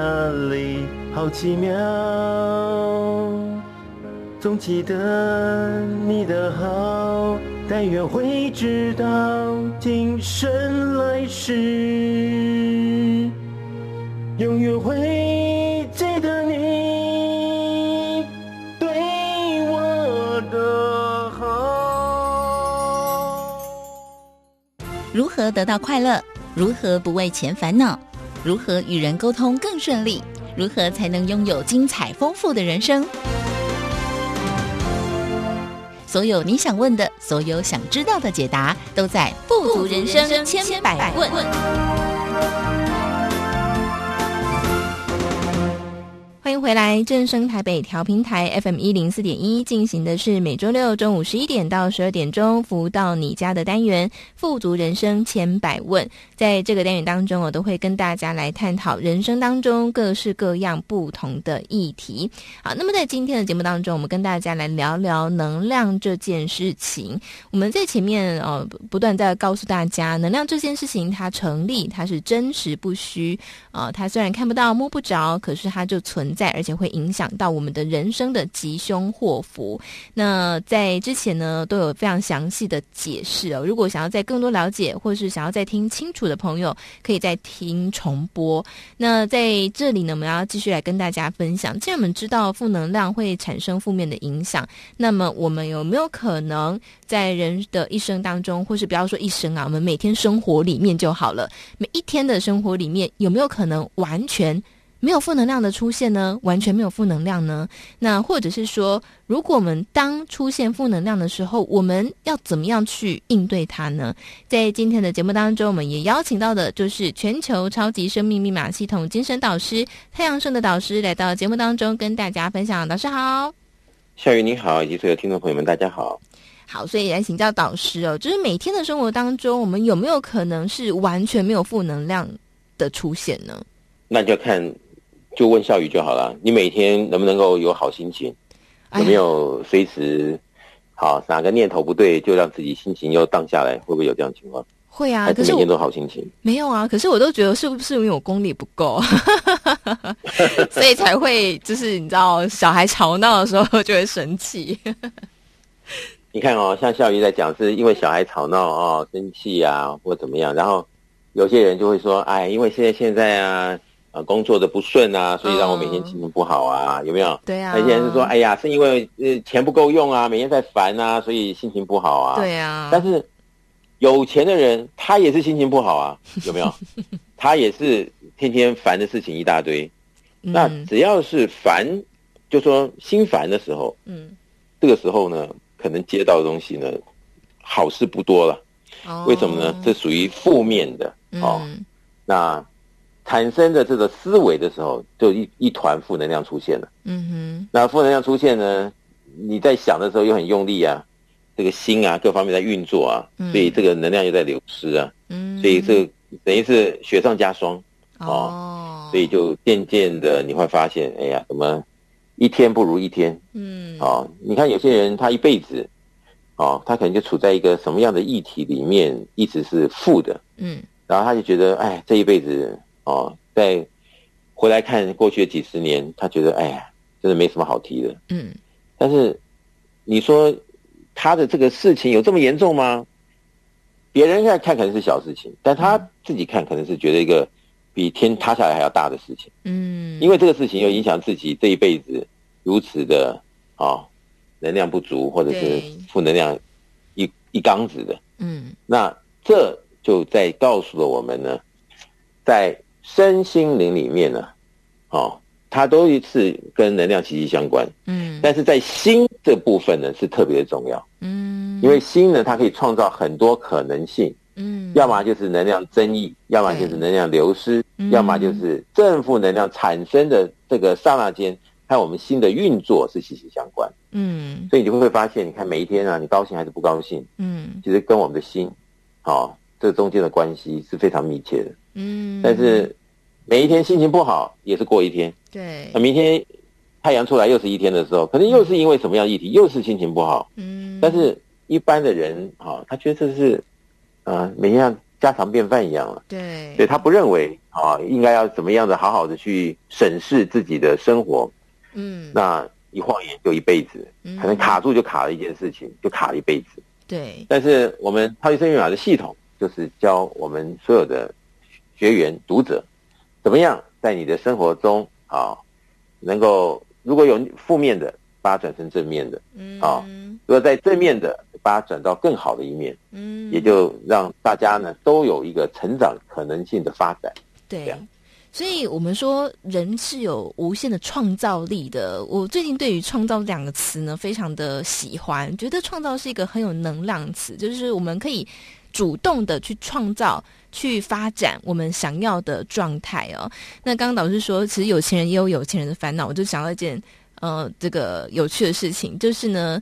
D: 裡，好奇妙，總記得你的好。但願會知道，今生來世永遠會記得你對我的好。
A: 如何得到快樂？如何不為錢煩惱？如何與人溝通更順利？如何才能擁有精彩豐富的人生？所有你想問的，所有想知道的解答，都在《不足人生千百問》。歡迎回來，正聲台北調頻台 FM 一零四點一進行的是每周六中午十一點到十二點鐘，服務到你家的單元《富足人生千百問》。在這個單元當中，我都會跟大家來探討人生當中各式各樣不同的議題。好，那麼在今天的節目當中，我們跟大家來聊聊能量這件事情。我們在前面哦、呃，不斷在告訴大家，能量這件事情它成立，它是真實不虛啊、呃。它雖然看不到、摸不着，可是它就存。在，而且會影響到我們的人生的吉凶禍福。那在之前呢，都有非常詳細的解釋哦。如果想要再更多了解，或是想要再聽清楚的朋友，可以再聽重播。那在這裡呢，我們要繼續來跟大家分享。既然我們知道負能量會產生負面的影響，那麼我們有沒有可能在人的一生當中，或是不要說一生啊，我們每天生活裡面就好了。每一天的生活裡面，有沒有可能完全沒有負能量的出現呢？完全沒有負能量呢？那或者是說，如果我們當出現負能量的時候，我們要怎麼樣去應對它呢？在今天的節目當中，我們也邀請到的就是全球超級生命密碼系統精神導師太陽盛德導師來到節目當中，跟大家分享。導師好。
E: 夏雨你好，以及所有聽眾朋友們，大家好。
A: 好，所以來請教導師哦，就是每天的生活當中，我們有沒有可能是完全沒有負能量的出現呢？
E: 那就看。就問笑宇就好了。你每天能不能夠有好心情？哎、有沒有隨時好？哪個念頭不對，就讓自己心情又盪下來？會不會有這樣的情況？會啊，每天都好心情。
A: 沒有啊，可是我都覺得是不是因為我功力不夠，
E: *laughs* *laughs* 所
A: 以才會就是你知道小孩吵鬧的時候就會生氣。
E: *laughs* 你看哦，像笑宇在講是因為小孩吵鬧、哦、啊生氣啊或怎麼樣，然後有些人就會說，哎，因為現在現在啊。啊、呃，工作的不順啊，所以讓我每天心情不好啊，oh, 有沒有？對啊。那些人是說，哎呀，是因為呃錢不夠用啊，每天在煩啊，所以心情不好啊。對啊。但是有錢的人，他也是心情不好啊，有沒有？ *laughs* 他也是天天煩的事情一大堆。 *laughs* 那只要是煩，就說心煩的時候，
F: 嗯，
E: 這個時候呢，可能接到的東西呢，好事不多了。Oh, 為什麼呢？這屬於負面的。嗯。哦、那。產生的這個思維的時候，就一一團負能量出現
F: 了。
E: 嗯哼。那負能量出現呢？你在想的時候又很用力啊，這個心啊，各方面在運作啊，所以這個能量又在流失啊。嗯、mm -hmm.。所以這等於是雪上加霜。哦、mm -hmm. 啊。Oh. 所以就漸漸的你會發現，哎呀，怎麼一天不如一天？嗯、mm -hmm.。啊，你看有些人他一輩子，啊，他可能就處在一個什麼樣的議題裡面，一直是負的。嗯、mm -hmm.。然後他就覺得，哎，這一輩子。哦，在回來看過去的幾十年，他覺得哎呀，真的沒什麼好提的。嗯，但是你說他的這個事情有這麼嚴重嗎？別人在看可能是小事情，但他自己看可能是覺得一個比天塌下來還要大的事情。嗯，因為這個事情又影響自己這一輩子如此的啊、哦、能量不足，或者是負能量一一缸子的。嗯，那這就在告訴了我們呢，在。身心靈裡面呢，哦，它都一次跟能量息息相關。嗯，但是在心這部分呢，是特別的重要。嗯，因為心呢，它可以創造很多可能性。嗯，要麼就是能量增益，嗯，要麼就是能量流失，嗯，要麼就是正負能量產生的這個剎那間，還有我們心的運作是息息相關。嗯，所以你就會發現，你看每一天啊，你高興還是不高興？嗯，其實跟我們的心，哦，這個、中間的關係是非常密切的。嗯，但是每一天心情不好也是過一天，嗯、對。那明天太陽出來又是一天的時候，可能又是因為什麼樣的議題，又是心情不好。嗯，但是一般的人啊、哦，他覺得這是，啊、呃，每天像家常便飯一樣了。對，所以他不認為啊、哦，應該要怎麼樣的好好的去審視自己的生活。嗯，那一晃眼就一輩子、嗯，可能卡住就卡了一件事情，嗯、就卡了一輩子。對。但是我們超級生命密碼的系統就是教我們所有的。學員、讀者，怎麼樣在你的生活中啊，能夠如果有負面的，把它轉成正面的，嗯，啊，如果在正面的，把它轉到更好的一面，嗯，也就讓大家呢都有一個成長可能性的發展，
F: 對。
A: 所以我們說，人是有無限的創造力的。我最近對於“創造”兩個詞呢，非常的喜歡，覺得“創造”是一個很有能量詞，就是我們可以主動的去創造。去發展我們想要的狀態哦。那剛剛導師說，其實有錢人也有有錢人的煩惱。我就想到一件呃，這個有趣的事情，就是呢，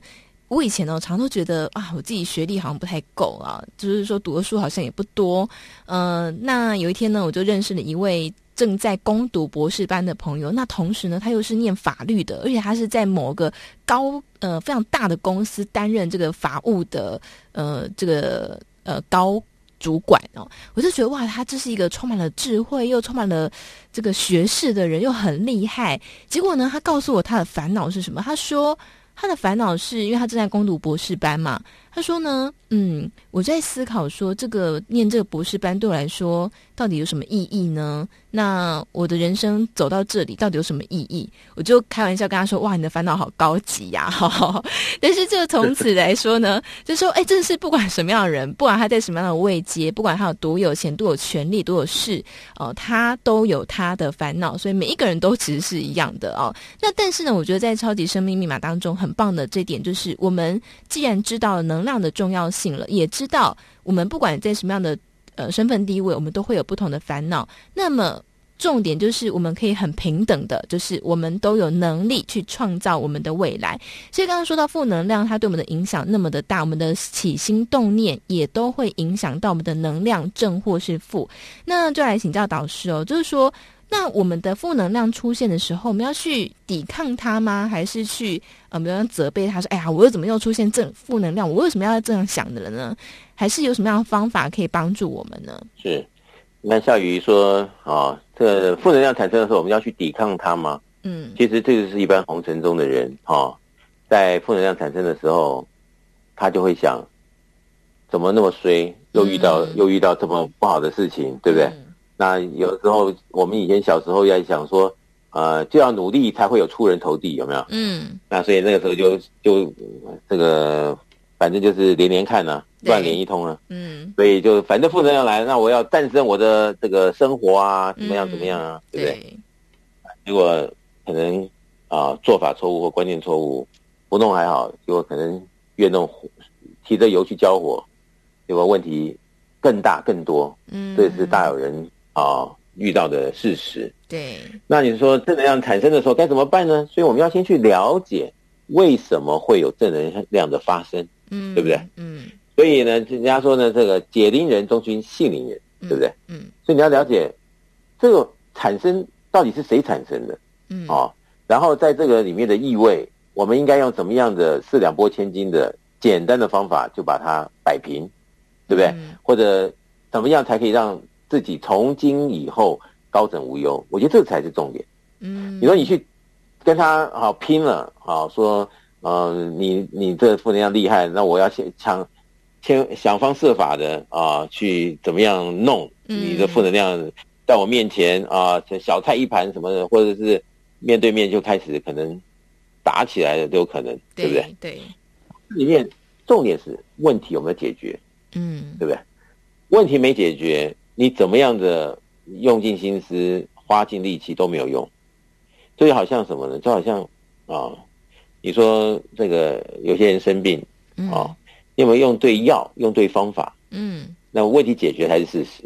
A: 我以前呢，我常常都覺得啊，我自己學歷好像不太夠啊，就是說讀的書好像也不多。呃，那有一天呢，我就認識了一位正在攻讀博士班的朋友，那同時呢，他又是念法律的，而且他是在某個高呃非常大的公司擔任這個法務的呃這個呃高。主管哦，我就覺得哇，他這是一個充滿了智慧又充滿了這個學識的人，又很厲害。結果呢，他告訴我他的煩惱是什麼？他說他的煩惱是因為他正在攻讀博士班嘛。他說呢，嗯，我在思考說，這個念這個博士班對我來說到底有什麼意義呢？那我的人生走到這裡到底有什麼意義？我就開玩笑跟他說：“哇，你的煩惱好高級呀，啊！”哈，哦，但是就從此來說呢， *laughs* 就說，哎，欸，真的是不管什麼樣的人，不管他在什麼樣的位階，不管他有多有錢、多有權利、多有事，哦，他都有他的煩惱，所以每一個人都其實是一樣的哦。那但是呢，我覺得在超級生命密碼當中很棒的這點就是，我們既然知道了呢。能量的重要性了，也知道我們不管在什麼樣的呃身份地位，我們都會有不同的煩惱。那麼重點就是，我們可以很平等的，就是我們都有能力去創造我們的未來。所以剛剛說到負能量，它對我們的影響那麼的大，我們的起心動念也都會影響到我們的能量正或是負。那就來請教導師哦，就是說。那我們的負能量出現的時候，我們要去抵抗它嗎？還是去呃，比如責備他說：“哎呀，我又怎麼又出現這負能量？我為什麼要這樣想的人呢？”還是有什麼樣的方法可以幫助我們呢？
E: 是，你看夏雨說啊、哦，這個負能量產生的時候，我們要去抵抗它嗎？嗯，其實這就是一般紅塵中的人哈、哦，在負能量產生的時候，他就會想，怎麼那麼衰，又遇到、嗯、又遇到這麼不好的事情，對不對？嗯那有時候我們以前小時候要想說，呃，就要努力才會有出人頭地，有沒有？嗯。那所以那個時候就就這個，反正就是連連看呢、啊，亂連一通啊。嗯。所以就反正富人要來，那我要戰勝我的這個生活啊，怎麼樣怎麼樣啊，嗯、對不對，對？結果可能啊、呃、做法錯誤或觀念錯誤，不弄還好，結果可能越弄提着油去澆火，結果問題更大更多。嗯。這也是大有人。啊、哦，遇到的事實。
F: 對。
E: 那你說負能量產生的時候該怎麼辦呢？所以我們要先去了解為什麼會有負能量的發生，嗯，對不對？嗯。嗯，所以呢，人家說呢，這個解鈴人終須繫鈴人，對不對嗯？嗯。所以你要了解這個產生到底是誰產生的，嗯。啊、哦，然後在這個裡面的意味，我們應該用怎麼樣的四兩撥千斤的簡單的方法就把它擺平，對不對？嗯、或者怎麼樣才可以讓？自己從今以後高枕無憂，我覺得這才是重點。嗯，你說你去跟他好拼了，好、嗯啊、說嗯、呃、你你這負能量厲害，那我要想先想方設法的，啊、呃，去怎麼樣弄你的負能量，在我面前啊、嗯呃，小菜一盤什麼的，或者是面對面就開始可能打起來的都有可能對，對不對？對，這裡面重點是問題有沒有解決？嗯，對不對？問題沒解決。你怎麼樣的用盡心思、花盡力氣都沒有用，這就好像什麼呢？就好像啊、哦，你說這個有些人生病啊，嗯哦、你有沒有用對藥、用對方法？嗯，那問題解決才是事實。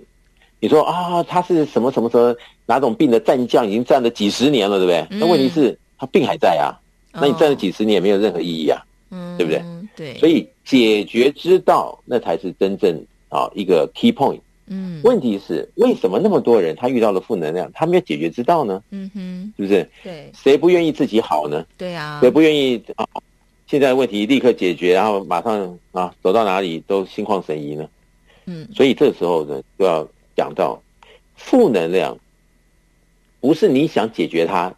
E: 你說啊、哦，他是什麼什麼什麼哪種病的戰將已經戰了幾十年了，對不對？嗯、那問題是，他病還在啊、哦。那你戰了幾十年也沒有任何意義啊、嗯，對不對？對，所以解決之道，那才是真正啊、哦、一個 key point。嗯，問題是為什麼那麼多人他遇到了負能量，他沒有解決之道呢？嗯哼，是不是？對，誰不願意自己好呢？對啊，誰不願意啊？現在問題立刻解決，然後馬上啊，走到哪裡都心曠神怡呢？嗯，所以這時候呢，就要講到負能量不是你想解決它，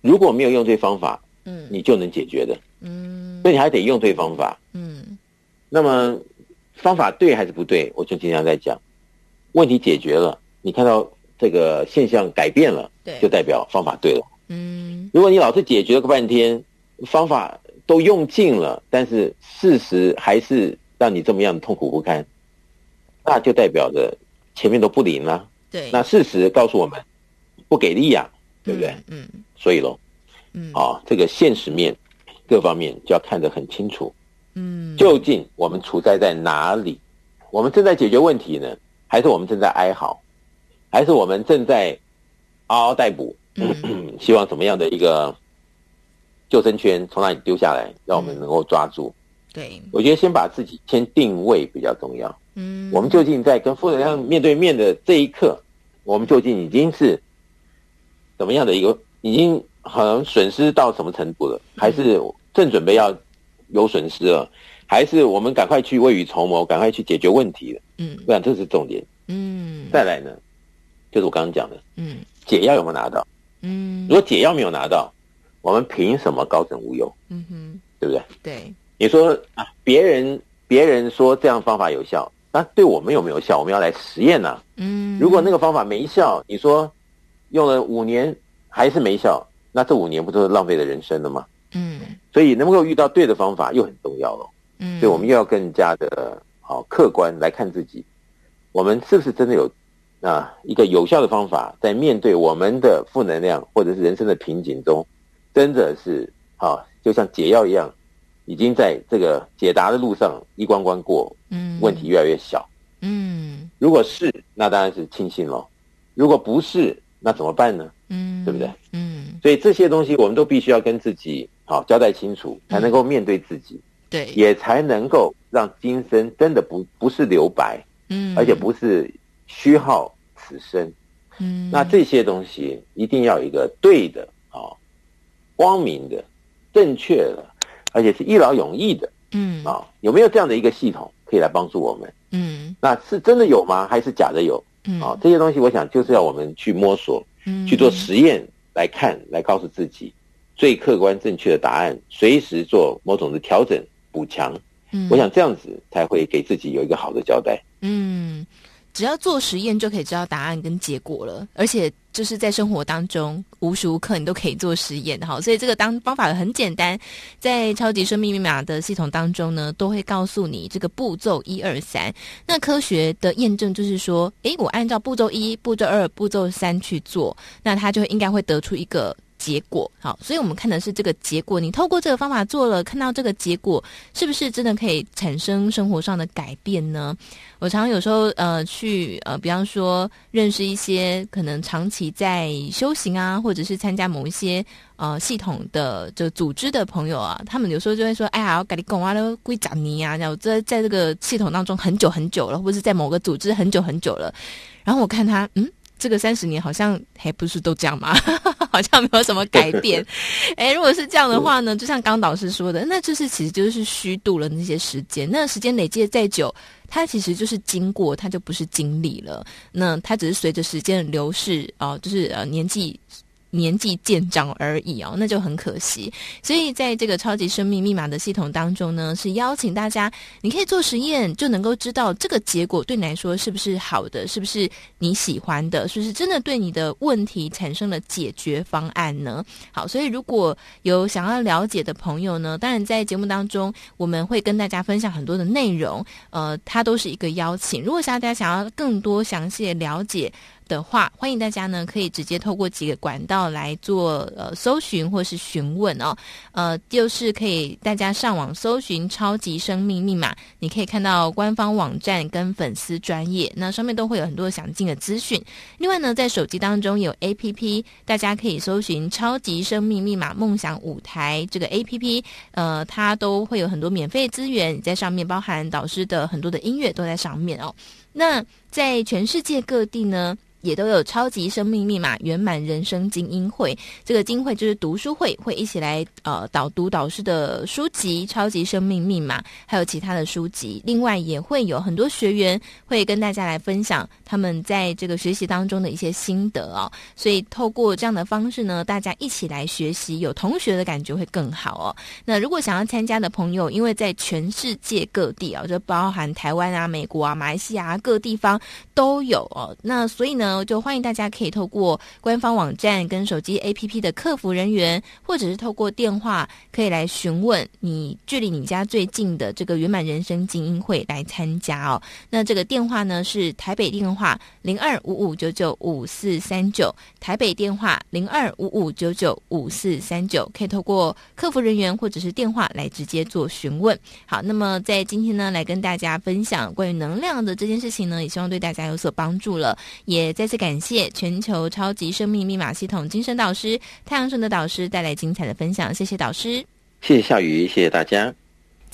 E: 如果沒有用對方法，嗯，你就能解決的，嗯，所以你還得用對方法，嗯，那麼方法對還是不對？我就經常在講。問題解決了，你看到這個現象改變了，對，就代表方法對了。嗯，如果你老是解決了個半天，方法都用盡了，但是事實還是讓你這麼樣的痛苦不堪，那就代表着前面都不靈了。啊。對，那事實告訴我們不給力呀，
F: 啊，對不對？嗯，嗯
E: 所以嘍，嗯、啊、哦，這個現實面各方面就要看得很清楚。嗯，究竟我們處在在哪裡？我們正在解決問題呢？還是我們正在哀嚎，還是我們正在嗷嗷待哺、
F: 嗯？
E: 希望怎麼樣的一個救生圈從那裡丟下來、嗯，讓我們能夠抓住？
F: 對，
E: 我覺得先把自己先定位比較重要。嗯，我們究竟在跟負能量面對面的這一刻、嗯，我們究竟已經是怎麼樣的一個，已經好像損失到什麼程度了？還是正準備要有損失了？還是我們趕快去未雨綢繆，趕快去解決問題的。嗯，我想這是重點。嗯，再來呢，就是我剛剛講的。嗯，解藥有沒有拿到？嗯，如果解藥沒有拿到，我們憑什麼高枕無憂？嗯哼，對不對？對，你說啊，別人別人說這樣方法有效，那對我們有沒有效？我們要來實驗吶，啊。嗯，如果那個方法沒效，你說用了五年還是沒效，那這五年不都是浪費的人生了嗎？嗯，所以能夠遇到對的方法又很重要嘍。嗯，所以我們又要更加的好、哦、客觀來看自己，我們是不是真的有啊一個有效的方法，在面對我們的負能量或者是人生的瓶頸中，真的是好、啊，就像解藥一樣，已經在這個解答的路上一關關過，嗯，問題越來越小，嗯，嗯，如果是，那當然是慶幸嘍，如果不是，那怎麼辦呢？嗯，嗯，對不對？嗯，所以這些東西我們都必須要跟自己好、哦、交代清楚，才能夠面對自己。嗯對，也才能夠讓今生真的不不是留白，嗯，而且不是虛耗此生，嗯，那這些東西一定要有一個對的啊、哦，光明的、正確的，而且是一勞永逸的，嗯啊、哦，有沒有這樣的一個系統可以來幫助我們？嗯，那是真的有嗎？還是假的有？嗯啊、哦，這些東西我想就是要我們去摸索，嗯，去做實驗，嗯，來看，來告訴自己最客觀正確的答案，嗯，隨時做某種的調整。補強。嗯，我想這樣子才會給自己有一個好的交代。嗯，
A: 只要做實驗就可以知道答案跟結果了，而且就是在生活當中無時無刻你都可以做實驗。好，所以這個當方法很簡單，在超級生命密碼的系統當中呢，都會告訴你這個步驟一二三。那科學的驗證就是說，誒，我按照步驟一、步驟二、步驟三去做，那它就應該會得出一個。結果。好，所以我們看的是這個結果。你透過這個方法做了，看到這個結果是不是真的可以產生生活上的改變呢？我常有時候呃去呃，比方說，認識一些可能長期在修行啊，或者是參加某一些呃系統的就組織的朋友啊，他們有時候就會說：“哎呀，我跟你講啊，都幾十年啊，然後在在這個系統當中很久很久了，或者是在某個組織很久很久了。”然後我看他，嗯。這個三十年好像還不是都這樣嗎？ *laughs* 好像沒有什麼改變。誒、 *laughs* 欸，如果是這樣的話呢，就像剛導師說的，那就是其實就是虛度了那些時間。那時間累積再久，它其實就是經過，它就不是經歷了，那它只是隨着時間流逝啊、呃，就是呃年紀。年紀漸長而已哦，那就很可惜。所以在這個超級生命密碼的系統當中呢，是邀請大家，你可以做實驗，就能夠知道這個結果對你來說是不是好的，是不是你喜歡的，是不是真的對你的問題產生了解決方案呢？好，所以如果有想要了解的朋友呢，當然在節目當中我們會跟大家分享很多的內容，呃，它都是一個邀請。如果大家想要更多詳細的了解。的話，歡迎大家呢可以直接透過幾個管道，來做呃搜尋或是詢問哦，呃就是可以大家上網搜尋超級生命密碼，你可以看到官方網站跟粉絲專頁，那上面都會有很多詳盡的資訊。另外呢，在手機當中有 APP，大家可以搜尋超級生命密碼夢想舞台這個 APP，呃，它都會有很多免費資源在上面，包含導師的很多的音樂都在上面哦。那在全世界各地呢，也都有超級生命密碼圓滿人生精英會。這個精會就是讀書會，會一起來呃導讀導師的書籍《超級生命密碼》，還有其他的書籍。另外也會有很多學員會跟大家來分享他們在這個學習當中的一些心得哦。所以透過這樣的方式呢，大家一起來學習，有同學的感覺會更好哦。那如果想要參加的朋友，因為在全世界各地啊、哦，就包含台灣啊、美國啊、馬來西亞啊。各地方都有哦，那所以呢，就歡迎大家可以透過官方網站跟手機 APP 的客服人員，或者是透過電話可以來詢問你距離你家最近的這個圓滿人生精英會來參加哦。那這個電話呢是台北電話零二五五九九五四三九，台北電話零二五五九九五四三九，可以透過客服人員或者是電話來直接做詢問。好，那麼在今天呢，來跟大家分享關於能量的這件事情。請呢，也希望對大家有所幫助了，也再次感謝全球超級生命密碼系統精神導師太陽盛德導師帶來精彩的分享，謝謝導師，
E: 謝謝夏雨，謝謝大家。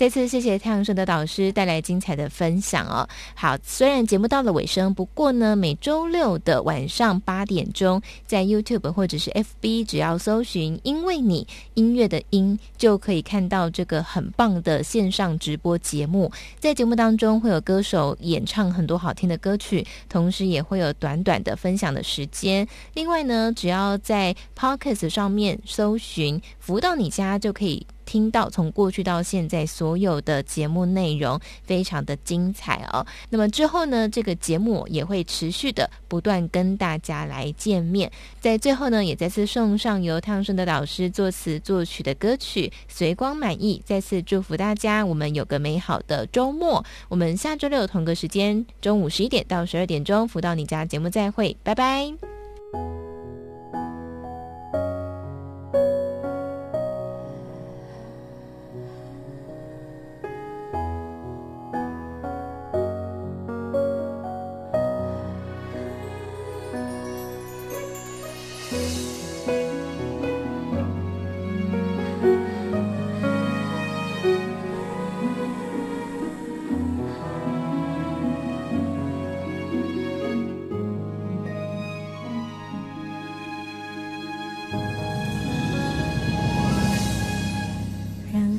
A: 再次謝謝太陽盛德的導師帶來精彩的分享哦。好，雖然節目到了尾聲，不過呢，每周六的晚上八點鐘，在 YouTube 或者是 FB，只要搜尋“因為你音樂”的音，就可以看到這個很棒的線上直播節目。在節目當中會有歌手演唱很多好聽的歌曲，同時也會有短短的分享的時間。另外呢，只要在 Podcast 上面搜尋“浮到你家”，就可以。聽到從過去到現在所有的節目內容，非常的精彩哦。那麼之後呢，這個節目也會持續的不斷跟大家來見面。在最後呢，也再次送上由太陽盛德導師作詞作曲的歌曲《隨光滿意》，再次祝福大家，我們有個美好的周末。我們下周六同個時間，中午十一點到十二點鐘，福到你家節目再會，拜拜。